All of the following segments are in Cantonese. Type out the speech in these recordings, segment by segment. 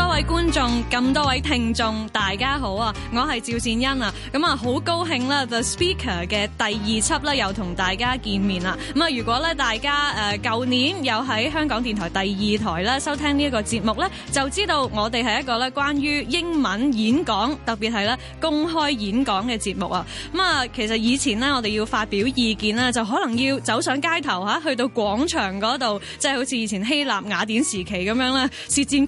多位觀眾，咁多位聽眾，大家好啊！我係趙善恩啊，咁啊好高興啦，The Speaker 嘅第二輯啦，又同大家見面啦。咁啊，如果咧大家誒舊年有喺香港電台第二台咧收聽呢一個節目咧，就知道我哋係一個咧關於英文演講，特別係咧公開演講嘅節目啊。咁啊，其實以前呢，我哋要發表意見咧，就可能要走上街頭嚇，去到廣場嗰度，即係好似以前希臘雅典時期咁樣啦，舌戰群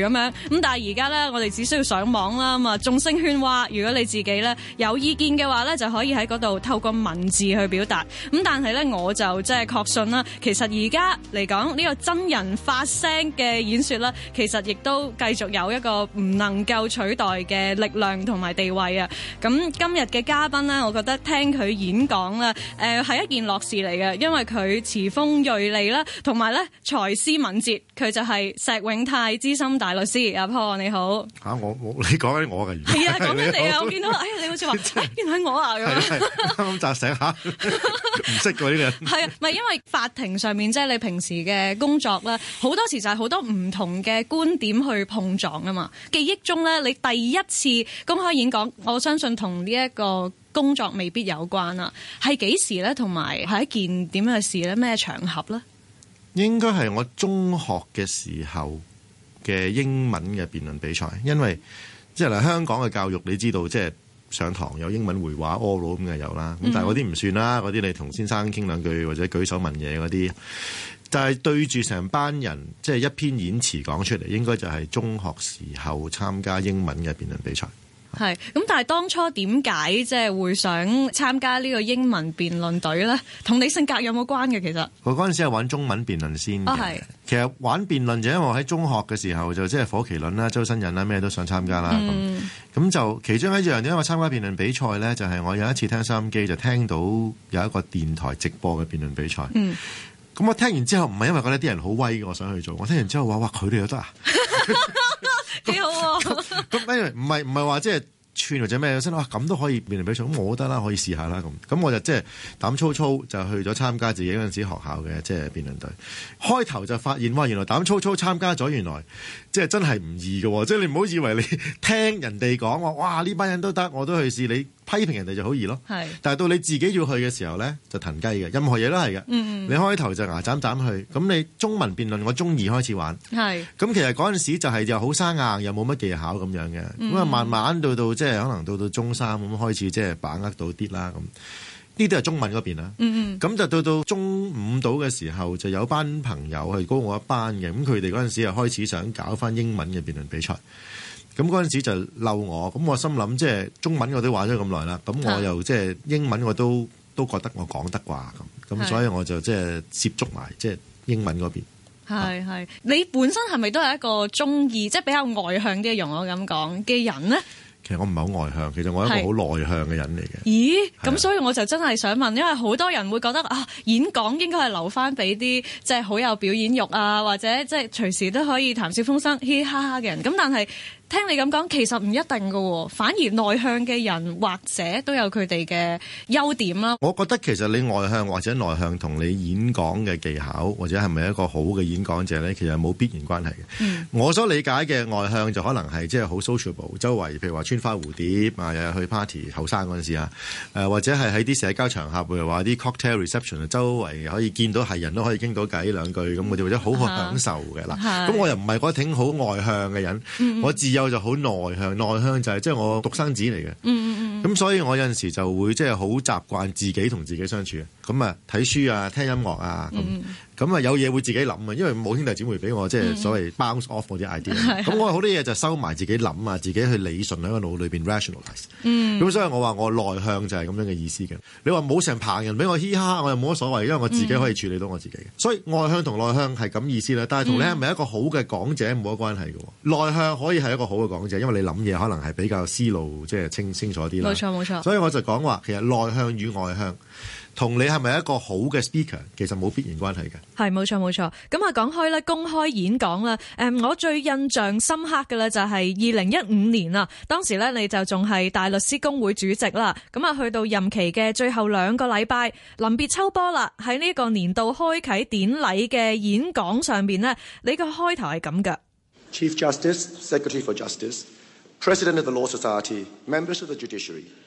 儒咁樣。咁但係而家咧，我哋只需要上網啦，咁啊眾聲喧譁。如果你自己咧有意見嘅話咧，就可以喺嗰度透過文字去表達。咁但係咧，我就即係確信啦。其實而家嚟講呢個真人發聲嘅演說啦，其實亦都繼續有一個唔能夠取代嘅力量同埋地位啊。咁今日嘅嘉賓呢，我覺得聽佢演講啦，誒係一件樂事嚟嘅，因為佢詞鋒鋭利啦，同埋咧才思敏捷。佢就係石永泰資深大律師。係阿 Paul，你好。嚇，我我你講緊我嘅。係啊，講緊你啊，我見到，哎呀，你好似話見緊我啊咁。咁扎醒嚇，唔識嗰啲嘅。係啊，咪因為法庭上面即係你平時嘅工作啦，好多時就係好多唔同嘅觀點去碰撞啊嘛。記憶中咧，你第一次公開演講，我相信同呢一個工作未必有關啦。係幾時咧？同埋係一件點樣嘅事咧？咩場合咧？應該係我中學嘅時候嘅英文嘅辯論比賽，因為即係嗱香港嘅教育，你知道即係上堂有英文會話 oral 咁嘅有啦。咁但係嗰啲唔算啦，嗰啲你同先生傾兩句或者舉手問嘢嗰啲。但係對住成班人即係一篇演詞講出嚟，應該就係中學時候參加英文嘅辯論比賽。係咁，但係當初點解即係會想參加呢個英文辯論隊咧？同你性格有冇關嘅？其實我嗰陣時係玩中文辯論先嘅。哦、其實玩辯論就因為我喺中學嘅時候就即、是、係火麒輪啦、周身癮啦，咩都想參加啦。咁、嗯、就其中一樣嘢，因為參加辯論比賽咧，就係、是、我有一次聽收音機就聽到有一個電台直播嘅辯論比賽。咁、嗯、我聽完之後唔係因為覺得啲人好威，嘅，我想去做。我聽完之後話，哇，佢哋又得啊！ 幾好喎、啊？ 咁唔係唔係話即係串或者咩先哇？咁都、啊、可以辯論比賽，咁我覺得啦，可以試下啦咁。咁我就即係、就是、膽粗粗就去咗參加自己嗰陣時學校嘅即係辯論隊。開頭就發現哇，原來膽粗粗參加咗，原來即係、就是、真係唔易喎。即係你唔好以為你聽人哋講話哇，呢班人都得，我都去試你。批評人哋就好易咯，是但係到你自己要去嘅時候咧，就騰雞嘅，任何嘢都係嘅。嗯嗯，你開頭就牙斬斬去，咁你中文辯論，我中二開始玩，咁是其實嗰陣時就係又好生硬，又冇乜技巧咁樣嘅，咁啊、嗯嗯、慢慢到到即係可能到到中三咁開始即係把握到啲啦咁，呢啲係中文嗰邊啦。咁、嗯嗯、就到到中五到嘅時候，就有班朋友去高我一班嘅，咁佢哋嗰陣時就開始想搞翻英文嘅辯論比賽。咁嗰陣時就嬲我，咁我心諗即係中文我都話咗咁耐啦，咁我又即係是的 英文我都都覺得我講得啩咁，咁所以我就即係是的 接觸埋即係英文嗰邊。係係，你本身係咪都係一個中意即係比較外向啲嘅容我咁講嘅人呢？其實我唔係好外向，其實我係一個好內向嘅人嚟嘅。是的 咦？咁是的 所以我就真係想問，因為好多人會覺得啊，演講應該係留翻俾啲即係好有表演欲啊，或者即係隨時都可以談笑風生、嘻嘻哈哈嘅人。咁但係。聽你咁講，其實唔一定㗎喎，反而內向嘅人或者都有佢哋嘅優點啦。我覺得其實你外向或者內向同你演講嘅技巧或者係咪一個好嘅演講者咧，其實冇必然關係嘅。嗯、我所理解嘅外向就可能係即係好 sociable 周圍譬如話穿花蝴蝶啊，又去 party，後生嗰陣時啊，或者係喺啲社交場合，譬如話啲 cocktail reception 周圍可以見到係人都可以傾到偈兩句咁嘅啫，或者好好、啊、享受嘅啦，咁我又唔係嗰種好外向嘅人，嗯嗯我自有就好內向，內向就係即係我獨生子嚟嘅，嗯嗯嗯，咁所以我有陣時就會即係好習慣自己同自己相處，咁啊睇書啊，聽音樂啊咁。咁啊有嘢會自己諗啊，因為冇兄弟姐妹俾我即係所謂 bounce off 嗰啲 idea、嗯。咁我有好多嘢就收埋自己諗啊，自己去理順喺個腦裏面 rationalize、嗯。咁所以我話我內向就係咁樣嘅意思嘅。你話冇成棚人俾我嘻哈，我又冇乜所謂，因為我自己可以處理到我自己、嗯、所以外向同內向係咁意思啦。但係同你係咪一個好嘅講者冇乜關係喎。嗯、內向可以係一個好嘅講者，因為你諗嘢可能係比較思路即係、即係、清，清清楚啲啦。冇錯冇錯。所以我就講話，其實內向與外向。同你係咪一個好嘅 speaker，其實冇必然關係嘅。係冇錯冇錯。咁啊講開咧，公開演講啦。誒，我最印象深刻嘅咧就係二零一五年啦。當時咧你就仲係大律師公會主席啦。咁啊去到任期嘅最後兩個禮拜，臨別秋波啦。喺呢個年度開啟典禮嘅演講上邊呢，你個開頭係咁嘅。Chief Justice, Secretary for Justice, President of the Law Society, Members of the Judiciary.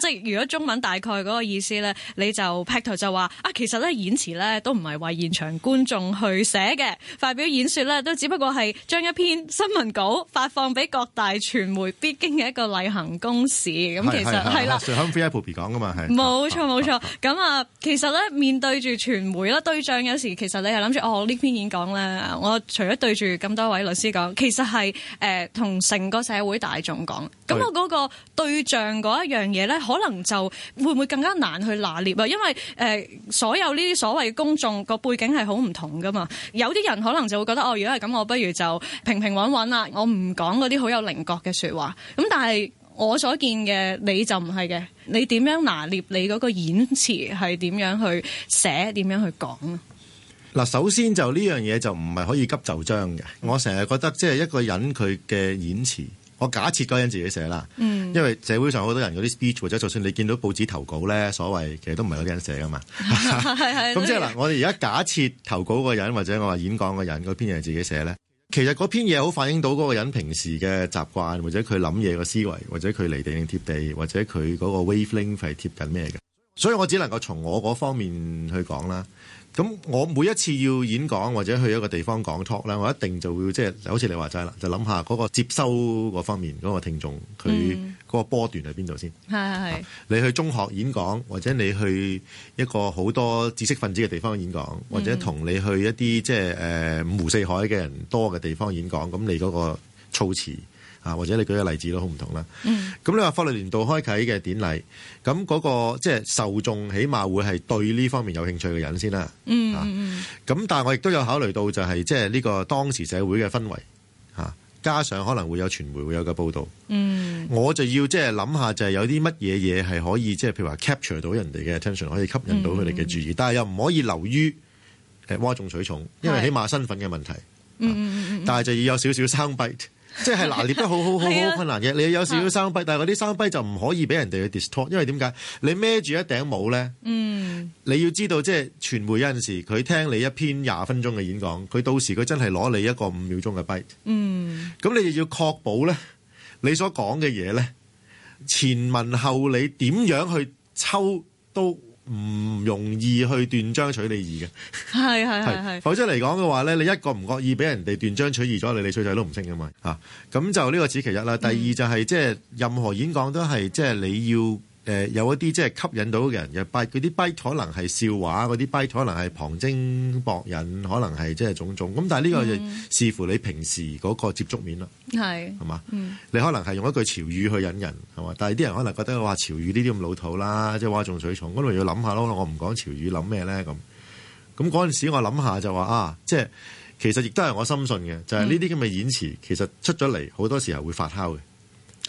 即係如果中文大概嗰個意思咧，你就 p a t o 就話啊，其實咧演詞咧都唔係為現場觀眾去寫嘅，發表演說咧都只不過係將一篇新聞稿發放俾各大傳媒必經嘅一個例行公事咁。其實係啦，就噶嘛，係冇錯冇錯咁啊，其實咧面對住傳媒啦對象，有時其實你係諗住哦呢篇演講咧，我除咗對住咁多位律師講，其實係誒同成個社會大眾講，咁我嗰個對象嗰一樣嘢咧。可能就會唔會更加難去拿捏啊？因為誒、呃，所有呢啲所謂公眾個背景係好唔同噶嘛。有啲人可能就會覺得哦，如果係咁，我不如就平平穩穩啦。我唔講嗰啲好有棱角嘅説話。咁、嗯、但係我所見嘅你就唔係嘅。你點樣拿捏你嗰個演辭係點樣去寫、點樣去講？嗱，首先這件事就呢樣嘢就唔係可以急就章嘅。我成日覺得即係一個人佢嘅演辭。我假設嗰人自己寫啦，因為社會上好多人嗰啲 speech 或者就算你見到報紙投稿咧，所謂其實都唔係嗰啲人寫噶嘛。咁即係嗱，我哋而家假設投稿嗰個人或者我話演講嗰人嗰篇嘢自己寫咧，其實嗰篇嘢好反映到嗰個人平時嘅習慣或者佢諗嘢嘅思維或者佢離地定貼地或者佢嗰個 wavelength 係貼緊咩嘅。所以我只能夠從我嗰方面去講啦。咁我每一次要演講或者去一個地方講 talk 咧，我一定就會即係，好似你話齋啦，就諗下嗰個接收嗰方面嗰、嗰個聽眾佢嗰個波段喺邊度先。係、嗯，係，係，你去中學演講或者你去一個好多知識分子嘅地方演講或者同你去一啲即係誒、呃、五湖四海嘅人多嘅地方演講，咁你嗰個措辭。啊，或者你舉個例子都好唔同啦。咁、嗯、你話法律年度開啟嘅典禮，咁嗰、那個即係、就是、受眾，起碼會係對呢方面有興趣嘅人先啦。咁、嗯啊、但係我亦都有考慮到、就是，就係即係呢個當時社會嘅氛圍、啊，加上可能會有傳媒會有嘅報導。嗯、我就要即係諗下就，就係有啲乜嘢嘢係可以即係譬如話 capture 到人哋嘅 attention，可以吸引到佢哋嘅注意，嗯、但係又唔可以流於誒嘩、欸、眾取寵，因為起碼身份嘅問題。嗯啊、但係就要有少少 sound bite。 即係拿捏得好 好好好 困難嘅，你有少少 sound bite，但係嗰啲 sound bite 就唔可以俾人哋去 distort，因為點解？你孭住一頂帽咧，嗯、你要知道即係傳媒有陣時佢聽你一篇廿分鐘嘅演講，佢到時佢真係攞你一個五秒鐘嘅 bite、嗯，咁你就要確保咧，你所講嘅嘢咧前文後理點樣去抽都唔容易去斷章取義嘅，係係係係。否則嚟講嘅話咧，你一個唔覺意俾人哋斷章取義咗你，你水洗都唔清嘅嘛嚇。咁、啊、就呢個此其一啦。第二就係即係任何演講都係即係你要。誒、呃、有一啲即係吸引到嘅人嘅嗰啲跛可能係笑話，嗰啲跛可能係旁徵博引，可能係即係種種。咁但係呢個就視乎你平時嗰個接觸面啦。係、mm. 吧，係嘛？你可能係用一句潮語去引人，係嘛？但係啲人可能覺得話潮語呢啲咁老土啦，即係嘩眾取寵，咁咪要諗下咯。我唔講潮語，諗咩咧咁？咁嗰陣時我諗下就話啊，即係其實亦都係我深信嘅，就係呢啲咁嘅演詞，其實出咗嚟好多時候會發酵嘅。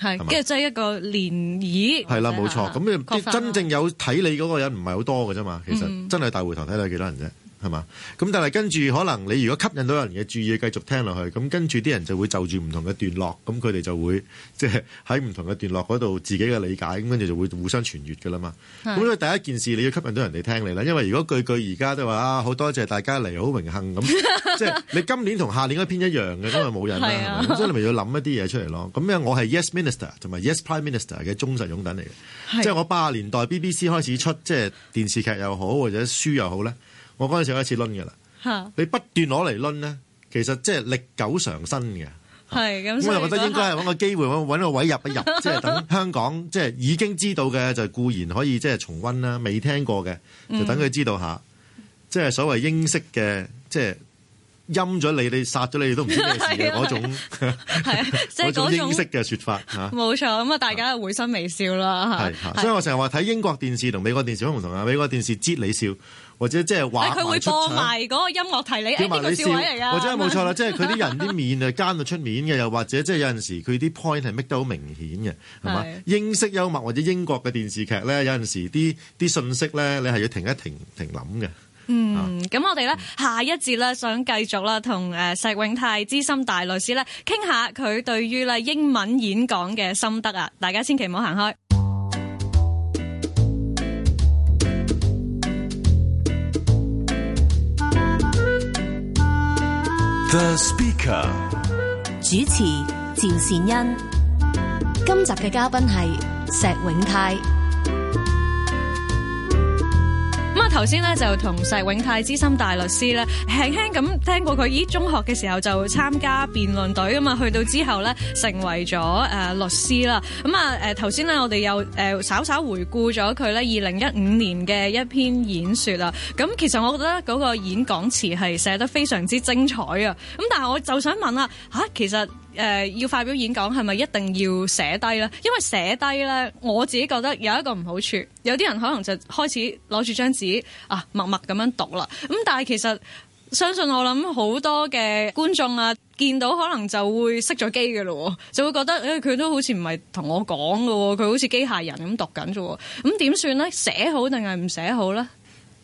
係，跟住即係一個漣漪，係啦吧，冇錯，咁你真正有睇你嗰個人唔係好多嘅啫嘛，其實，嗯、真係大會堂睇睇幾多人啫。係嘛？咁但係跟住可能你如果吸引到人嘅注意，繼續聽落去，咁跟住啲人就會就住唔同嘅段落，咁佢哋就會即係喺唔同嘅段落嗰度自己嘅理解，咁跟住就會互相傳閱㗎啦嘛。咁所以第一件事你要吸引到人哋聽你啦，因為如果句句而家都話啊，好多謝大家嚟好榮幸咁， 即係你今年同下年一篇一樣嘅，因為冇人啦，係、啊、所以你咪要諗一啲嘢出嚟咯。咁咩？我係 Yes Minister 同埋 Yes Prime Minister 嘅忠實擁躉嚟嘅，是即係我八十年代 BBC 開始出即係電視劇又好或者書又好咧。我嗰陣時有一次攆嘅啦，你不斷攞嚟攆咧，其實即係歷久常新嘅。係，咁，我又覺得應該係揾個機會，揾揾個位入一入，即係、就是、等香港即係、就是、已經知道嘅就是、固然可以即係、就是、重温啦，未聽過嘅就等佢知道下，即係、嗯、所謂英式嘅即係。就是陰咗你，你殺咗你都唔知咩事嘅嗰種，係啊，即係嗰種英式嘅說法吓。冇錯，咁啊，大家會心微笑啦。係，所以我成日話睇英國電視同美國電視好唔同啊。美國電視接你笑，或者即係話。佢會播埋嗰個音樂提你，呢個笑位嚟噶。或者係冇錯啦，即係佢啲人啲面啊，奸到出面嘅，又或者即係有陣時佢啲 point 係 make 得好明顯嘅，係嘛？英式幽默或者英國嘅電視劇咧，有陣時啲啲信息咧，你係要停一停，停諗嘅。嗯，咁我哋咧下一節咧想繼續啦，同誒石永泰資深大律師咧傾下佢對於咧英文演講嘅心得啊！大家千祈唔好行開。The Speaker 主持趙善恩，今集嘅嘉賓係石永泰。頭先咧就同石永泰資深大律師咧輕輕咁聽過佢，咦中學嘅時候就參加辯論隊啊嘛，去到之後咧成為咗律師啦。咁啊誒頭先咧我哋又誒稍稍回顧咗佢咧二零一五年嘅一篇演說啦。咁其實我覺得嗰個演講詞係寫得非常之精彩啊。咁但係我就想問啦，嚇、啊、其實，誒、呃，要發表演講係咪一定要寫低呢？因為寫低呢，我自己覺得有一個唔好處，有啲人可能就開始攞住張紙啊，默默咁樣讀啦。咁但係其實，相信我諗好多嘅觀眾啊，見到可能就會熄咗機嘅咯，就會覺得誒，佢、欸、都好似唔係同我講嘅，佢好似機械人咁讀緊啫。咁點算呢？寫好定係唔寫好呢？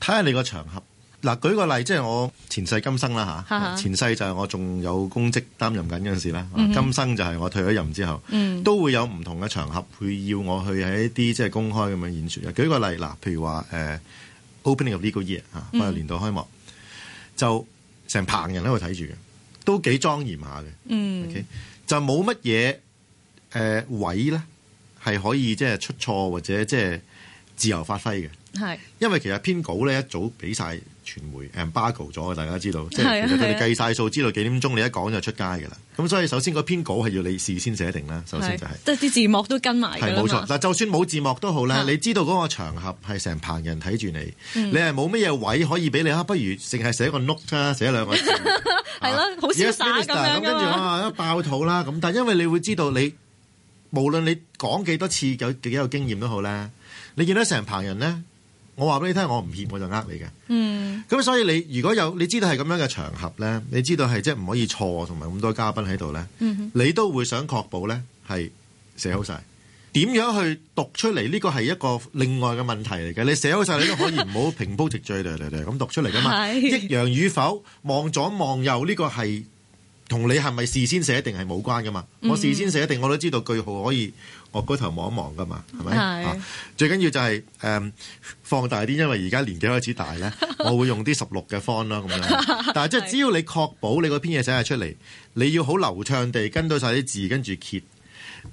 睇下你個場合。嗱、啊，舉個例，即係我前世今生啦、啊、前世就係我仲有公職擔任緊嗰陣時啦、啊，今生就係我退咗任之後，嗯、哼都會有唔同嘅場合，會要我去喺一啲即係公開咁樣演説嘅。舉個例，嗱、啊，譬如話誒、呃、Opening of Legal Year、嗯、啊，法律年度開幕，就成棚人喺度睇住嘅，都幾莊嚴下嘅，嗯，okay? 就冇乜嘢誒位咧，係可以即係出錯或者即係自由發揮嘅，是因為其實編稿咧一早俾晒。傳媒 Embargo 咗嘅，大家知道，即係其實佢哋計晒數，知道幾點鐘你一講就出街嘅啦。咁所以首先嗰篇稿係要你事先寫定啦。首先就係，即係啲字幕都跟埋。係冇錯，嗱，就算冇字幕都好咧，你知道嗰個場合係成棚人睇住你，你係冇乜嘢位可以俾你啊？不如淨係寫個 note 啫，寫兩個字，係咯，好瀟灑咁樣咯。跟住爆肚啦，咁但係因為你會知道你無論你講幾多次，有幾有經驗都好啦，你見到成棚人咧。我話俾你聽，我唔怯我就呃你嘅。嗯。咁所以你如果有你知道係咁樣嘅場合咧，你知道係即係唔可以錯，同埋咁多嘉賓喺度咧，你都會想確保咧係寫好晒。點、嗯、樣去讀出嚟？呢、呢個係一個另外嘅問題嚟嘅。你寫好晒，你都可以唔好 平鋪直敍，咁讀出嚟噶嘛？抑揚是與否，望左望右，呢、呢個係同你係咪事先寫定係冇關噶嘛？嗯、我事先寫定，我都知道句號可以。我嗰頭望一望噶嘛，係咪是、啊？最緊要就係、是、誒、嗯、放大啲，因為而家年紀開始大咧， 我會用啲十六嘅方啦咁樣，但係即係只要你確保你嗰篇嘢寫晒出嚟，你要好流暢地跟到晒啲字，跟住揭，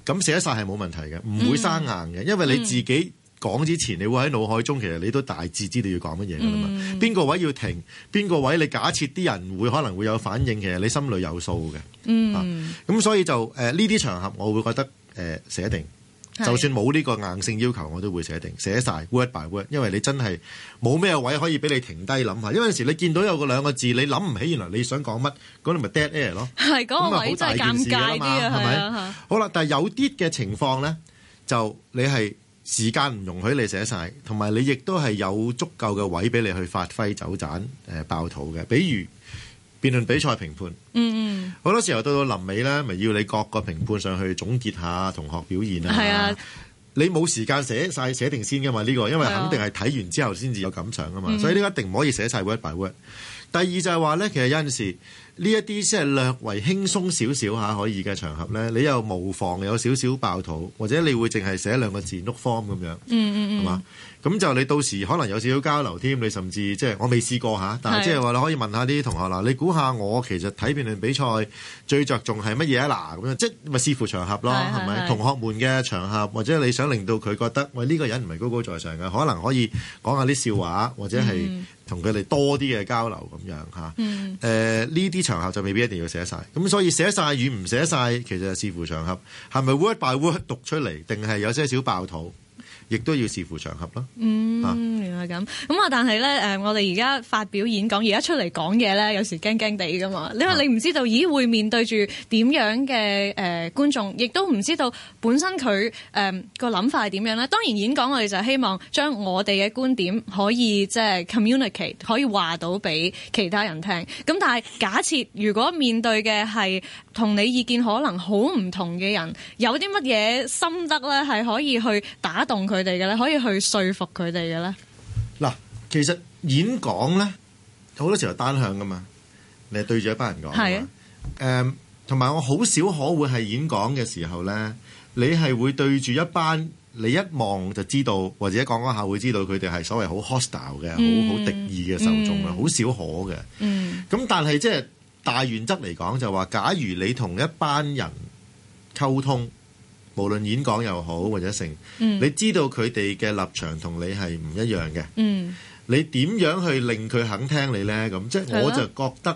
咁寫晒係冇問題嘅，唔會生硬嘅。嗯、因為你自己講、嗯、之前，你會喺腦海中其實你都大致知道要講乜嘢噶啦嘛。邊、嗯、個位要停，邊個位你假設啲人會可能會有反應，其實你心裏有數嘅。嗯，咁、啊、所以就誒呢啲場合我會覺得。誒、呃、寫定，是就算冇呢個硬性要求，我都會寫定寫晒 word by word，因為你真係冇咩位可以俾你停低諗下想想，因為有時你見到有個兩個字，你諗唔起來原來你想講乜，咁你咪 dead air 咯。係、那、嗰個位真係尷尬啲啊，係咪吧？啊啊、好啦，但係有啲嘅情況咧，就你係時間唔容許你寫晒，同埋你亦都係有足夠嘅位俾你去發揮走盞誒、呃、爆肚嘅，比如。辯論比賽評判，嗯嗯，好多時候到到臨尾咧，咪要你各個評判上去總結下同學表現啊。係啊，你冇時間寫晒，寫定先噶嘛？呢、呢個因為肯定係睇完之後先至有感想噶嘛。啊、所以呢個一定唔可以寫晒 word by word。第二就係話咧，其實有陣時呢一啲先係略為輕鬆少少嚇可以嘅場合咧，你又無妨，有少少爆肚，或者你會淨係寫兩個字碌方咁樣，嗯嗯嗯，係嘛？咁就你到時可能有少少交流添，你甚至即係我未試過下，但係即係話你可以問下啲同學啦。你估下我其實睇辯論比賽最着重係乜嘢啊？嗱，咁樣即係咪視乎場合咯？係咪同學們嘅場合，或者你想令到佢覺得喂呢、呢個人唔係高高在上嘅，可能可以講下啲笑話，嗯、或者係同佢哋多啲嘅交流咁、嗯、樣嚇。誒呢啲場合就未必一定要寫晒。咁所以寫晒與唔寫晒，其實係視乎場合，係咪 word by word 讀出嚟，定係有些少爆肚？亦都要視乎場合啦。嗯，原來係咁。咁啊，但係咧，誒我哋而家發表演講，而家出嚟講嘢咧，有時驚驚地噶嘛。你話、啊、你唔知道，咦，會面對住點樣嘅誒觀眾，亦都唔知道本身佢誒個諗法係點樣咧。當然，演講我哋就希望將我哋嘅觀點可以即係 communicate 可以話到俾其他人聽。咁但係假設如果面對嘅係同你意見可能好唔同嘅人，有啲乜嘢心得咧，係可以去打動佢。佢哋嘅咧，可以去說服佢哋嘅咧。嗱，其實演講咧好多時候單向噶嘛，你係對住一班人講。係啊。誒、嗯，同埋我好少可會係演講嘅時候咧，你係會對住一班你一望就知道，或者講嗰下會知道佢哋係所謂好 hostile 嘅，好好敵意嘅受眾啊，好、嗯、少可嘅。嗯。咁、嗯、但係即係大原則嚟講，就話假如你同一班人溝通。無論演講又好或者成，嗯、你知道佢哋嘅立場同你係唔一樣嘅。嗯、你點樣去令佢肯聽你呢？咁即係我就覺得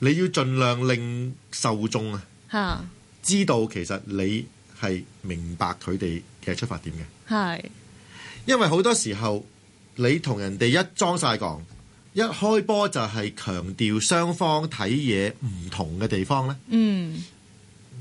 你要盡量令受眾啊，的知道其實你係明白佢哋嘅出發點嘅。係的，因為好多時候你同人哋一裝晒講，一開波就係強調雙方睇嘢唔同嘅地方呢。嗯，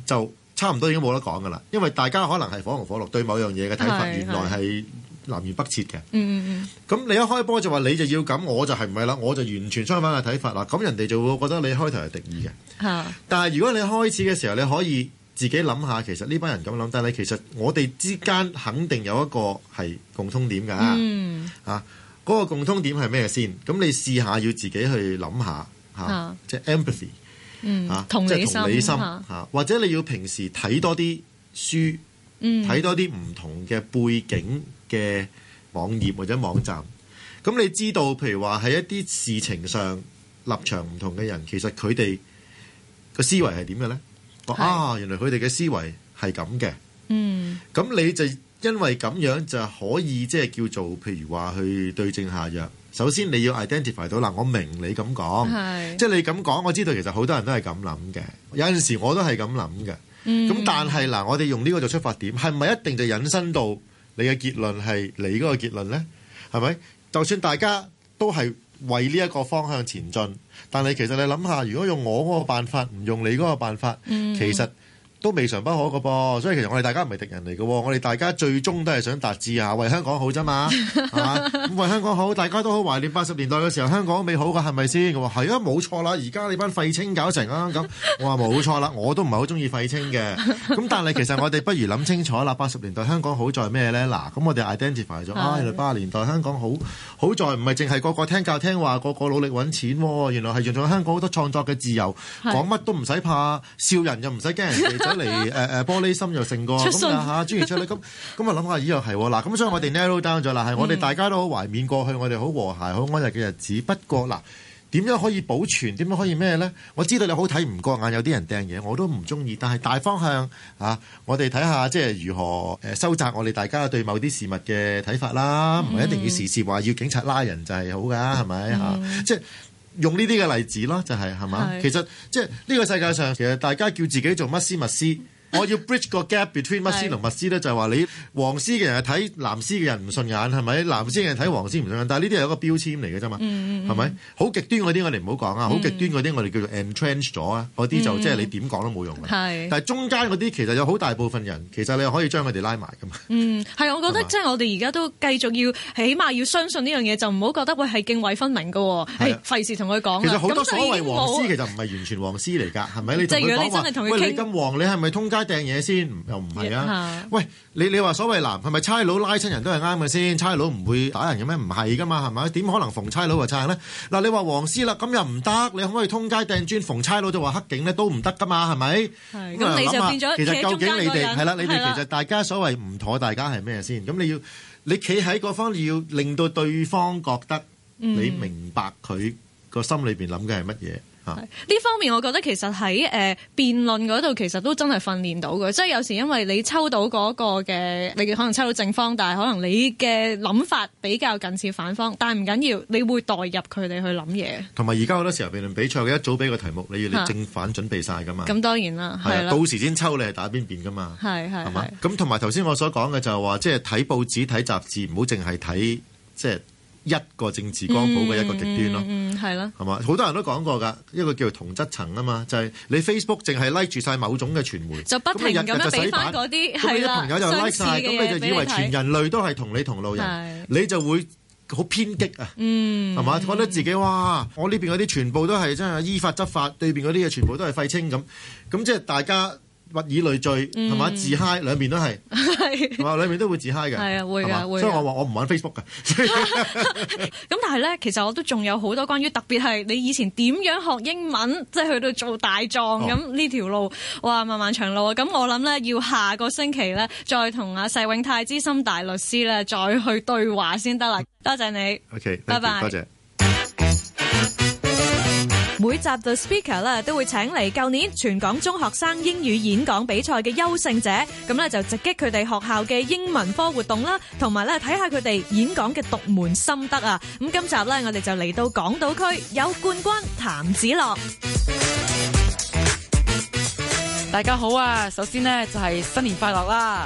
就。差唔多已經冇得講噶啦，因為大家可能係火紅火綠，對某樣嘢嘅睇法原來係南轅北轍嘅。嗯嗯嗯。咁你一開波就話你就要咁，我就係唔係啦，我就完全相反嘅睇法啦。咁人哋就會覺得你開頭係敵意嘅。嚇是！但係如果你開始嘅時候你可以自己諗下，其實呢班人咁諗，但係其實我哋之間肯定有一個係共通點㗎。嗯。啊，嗰、嗰個共通點係咩先？咁你試下要自己去諗下嚇，啊、是即係 empathy。嗯，同理心，即係同理心或者你要平時睇多啲書，睇、嗯、多啲唔同嘅背景嘅網頁或者網站，咁你知道，譬如話喺一啲事情上、嗯、立場唔同嘅人，其實佢哋個思維係點嘅呢？是啊，原來佢哋嘅思維係咁嘅。嗯，咁你就因為咁樣就可以即係叫做譬如話去對症下藥。首先你要 identify 到嗱，我明你咁講，是即係你咁講，我知道其實好多人都係咁諗嘅，有陣時我都係咁諗嘅。咁、嗯、但係嗱，我哋用呢個做出發點，係咪一定就引申到你嘅結論係你嗰個結論咧？係咪？就算大家都係為呢一個方向前進，但係其實你諗下，如果用我嗰個辦法，唔用你嗰個辦法，嗯、其實。都未嘗不可㗎噃，所以其實我哋大家唔係敵人嚟嘅，我哋大家最終都係想達至啊，為香港好啫嘛，係嘛？ 咁為香港好，大家都好懷念八十年代嘅時候香港美好㗎係咪先？我話係啊，冇錯啦，而家你班廢青搞成啊咁，我話冇錯啦，我都唔係好中意廢青嘅，咁 但係其實我哋不如諗清楚啦，八十年代香港好在咩咧？嗱，咁我哋 i d e n t i f y 咗，啊、哎，八十年代香港好，好在唔係淨係個個聽教聽話，個個努力揾錢，喔，原來係用咗香港好多創作嘅自由，是講乜都唔使怕，笑人又唔使驚人哋。嚟誒誒玻璃心又成個咁樣嚇，朱賢春咁咁啊諗下，依、 哎、又係嗱咁，所以我哋 narrow down 咗啦，係、嗯、我哋大家都好懷緬過去，我哋好和諧好安逸嘅日子。不過嗱，點樣可以保存？點樣可以咩咧？我知道你好睇唔過眼，有啲人掟嘢，我都唔中意。但係大方向嚇、啊，我哋睇下即係如何誒收窄我哋大家對某啲事物嘅睇法啦。唔係、嗯、一定要時時話要警察拉人就係好㗎，係咪嚇？即係。用呢啲嘅例子啦，就係係嘛，是 其實，即係呢個世界上，其實大家叫自己做乜斯密斯。我要 bridge 個 gap between 乜絲同物絲咧，就係話你黃絲嘅人睇藍絲嘅人唔順眼，係咪？藍絲嘅人睇黃絲唔順眼，但係呢啲係一個標籤嚟嘅啫嘛，係咪？好極端嗰啲我哋唔好講啊，好極端嗰啲我哋叫做 entrenched 咗啊，嗰啲就即係你點講都冇用嘅。但係中間嗰啲其實有好大部分人，其實你可以將佢哋拉埋㗎嘛。嗯，係，我覺得即係我哋而家都繼續要，起碼要相信呢樣嘢，就唔好覺得喂係敬畏分明㗎，係費事同佢講。其實好多所謂黃絲其實唔係完全黃絲嚟㗎，係咪？你同佢講喂，你咁黃，你係咪通街？掟嘢先，又唔係啊？喂，你你話所謂男係咪差佬拉親人都係啱嘅先？差佬唔會打人嘅咩？唔係噶嘛，係咪？點可能逢差佬差人咧？嗱、啊，你話黃絲啦，咁又唔得。你可唔可以通街掟磚？逢差佬就話黑警咧，都唔得噶嘛，係咪？咁的、嗯、你就想想變咗，其實究竟你哋係啦，你哋其實大家所謂唔妥，大家係咩先？咁的你要你企喺嗰方，你要令到對方覺得你明白佢個心裏邊諗嘅係乜嘢？嗯。呢方面我覺得其實喺誒辯論嗰度其實都真係訓練到嘅，即係有時因為你抽到嗰個嘅，你可能抽到正方，但係可能你嘅諗法比較近似反方，但係唔緊要，你會代入佢哋去諗嘢。同埋而家好多時候辯論比賽佢一早俾個題目，你要你正反準備晒噶嘛？咁當然啦，係到時先抽你係打邊邊噶嘛？係係係，咁同埋頭先我所講嘅就係話，即係睇報紙睇雜誌，唔好淨係睇即係。一個政治光譜嘅一個極端咯，係咯、嗯，係嘛、嗯？好、嗯嗯、多人都講過㗎，一個叫做同質層啊嘛，就係、是、你 Facebook 淨係、like、拉住曬某種嘅傳媒，就不停咁就俾翻嗰朋友啲朋友就拉曬，咁你就以為全人類都係同你同路人，的你就會好偏激啊，係嘛、嗯？覺得自己哇，我呢邊嗰啲全部都係真係依法執法，對面嗰啲嘢全部都係廢青咁，咁即係大家。物以類聚係嘛？自嗨。兩邊都兩邊都係，兩邊都會自嗨㗎。係啊，會嘅會所我我，所以我話我唔玩 Facebook 嘅咁。但係咧，其實我都仲有好多關於特別係你以前點樣學英文，即、就、係、是、去到做大狀咁呢、哦、條路哇，漫漫長路啊。咁我諗咧要下個星期咧再同阿石永泰資深大律師咧再去對話先得啦。多謝,謝你，OK，拜拜，多謝每集嘅 The Speaker 啦，都會請嚟舊年全港中學生英語演講比賽嘅優勝者，咁咧就直擊佢哋學校嘅英文科活動啦，同埋咧睇下佢哋演講嘅獨門心得啊！咁今集咧，我哋就嚟到港島區，有冠軍譚子樂。大家好啊，首先咧就係新年快樂啦！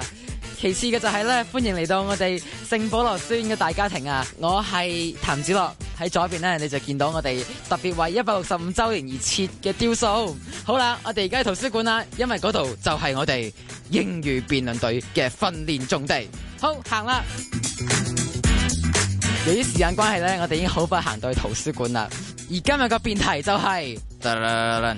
其次嘅就係咧，歡迎嚟到我哋聖保羅書院嘅大家庭啊！我係譚子樂，喺左邊咧，你就見到我哋特別為一百六十五周年而設嘅雕塑。好啦，我哋而家喺圖書館啦，因為嗰度就係我哋英語辯論隊嘅訓練重地。好，行啦！由於時間關係咧，我哋已經好快行到去圖書館啦。而今日個辯題就係、是。噠噠噠噠。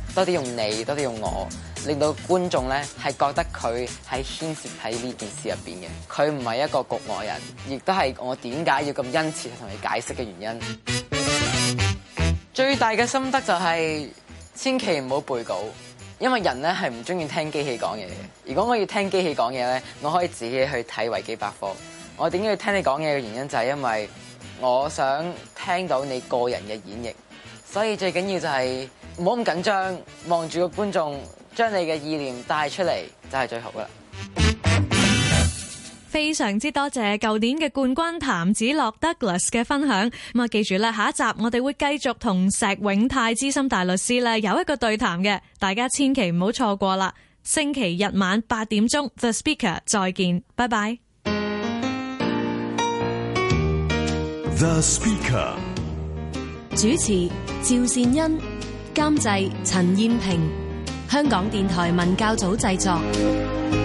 多啲用你，多啲用我，令到觀眾咧係覺得佢係牽涉喺呢件事入邊嘅。佢唔係一個局外人，亦都係我點解要咁殷切同你解釋嘅原因。最大嘅心得就係千祈唔好背稿，因為人咧係唔中意聽機器講嘢嘅。如果我要聽機器講嘢咧，我可以自己去睇維基百科。我點解要聽你講嘢嘅原因就係因為我想聽到你個人嘅演繹。所以最緊要就係唔好咁緊張，望住個觀眾，將你嘅意念帶出嚟就係最好啦。非常之多謝舊年嘅冠軍譚子洛德格拉斯嘅分享。咁啊，記住啦，下一集我哋會繼續同石永泰資深大律師咧有一個對談嘅，大家千祈唔好錯過啦。星期日晚八點鐘，The Speaker，再見，拜拜。The Speaker。主持趙善恩，監製陳燕萍，香港電台文教組製作。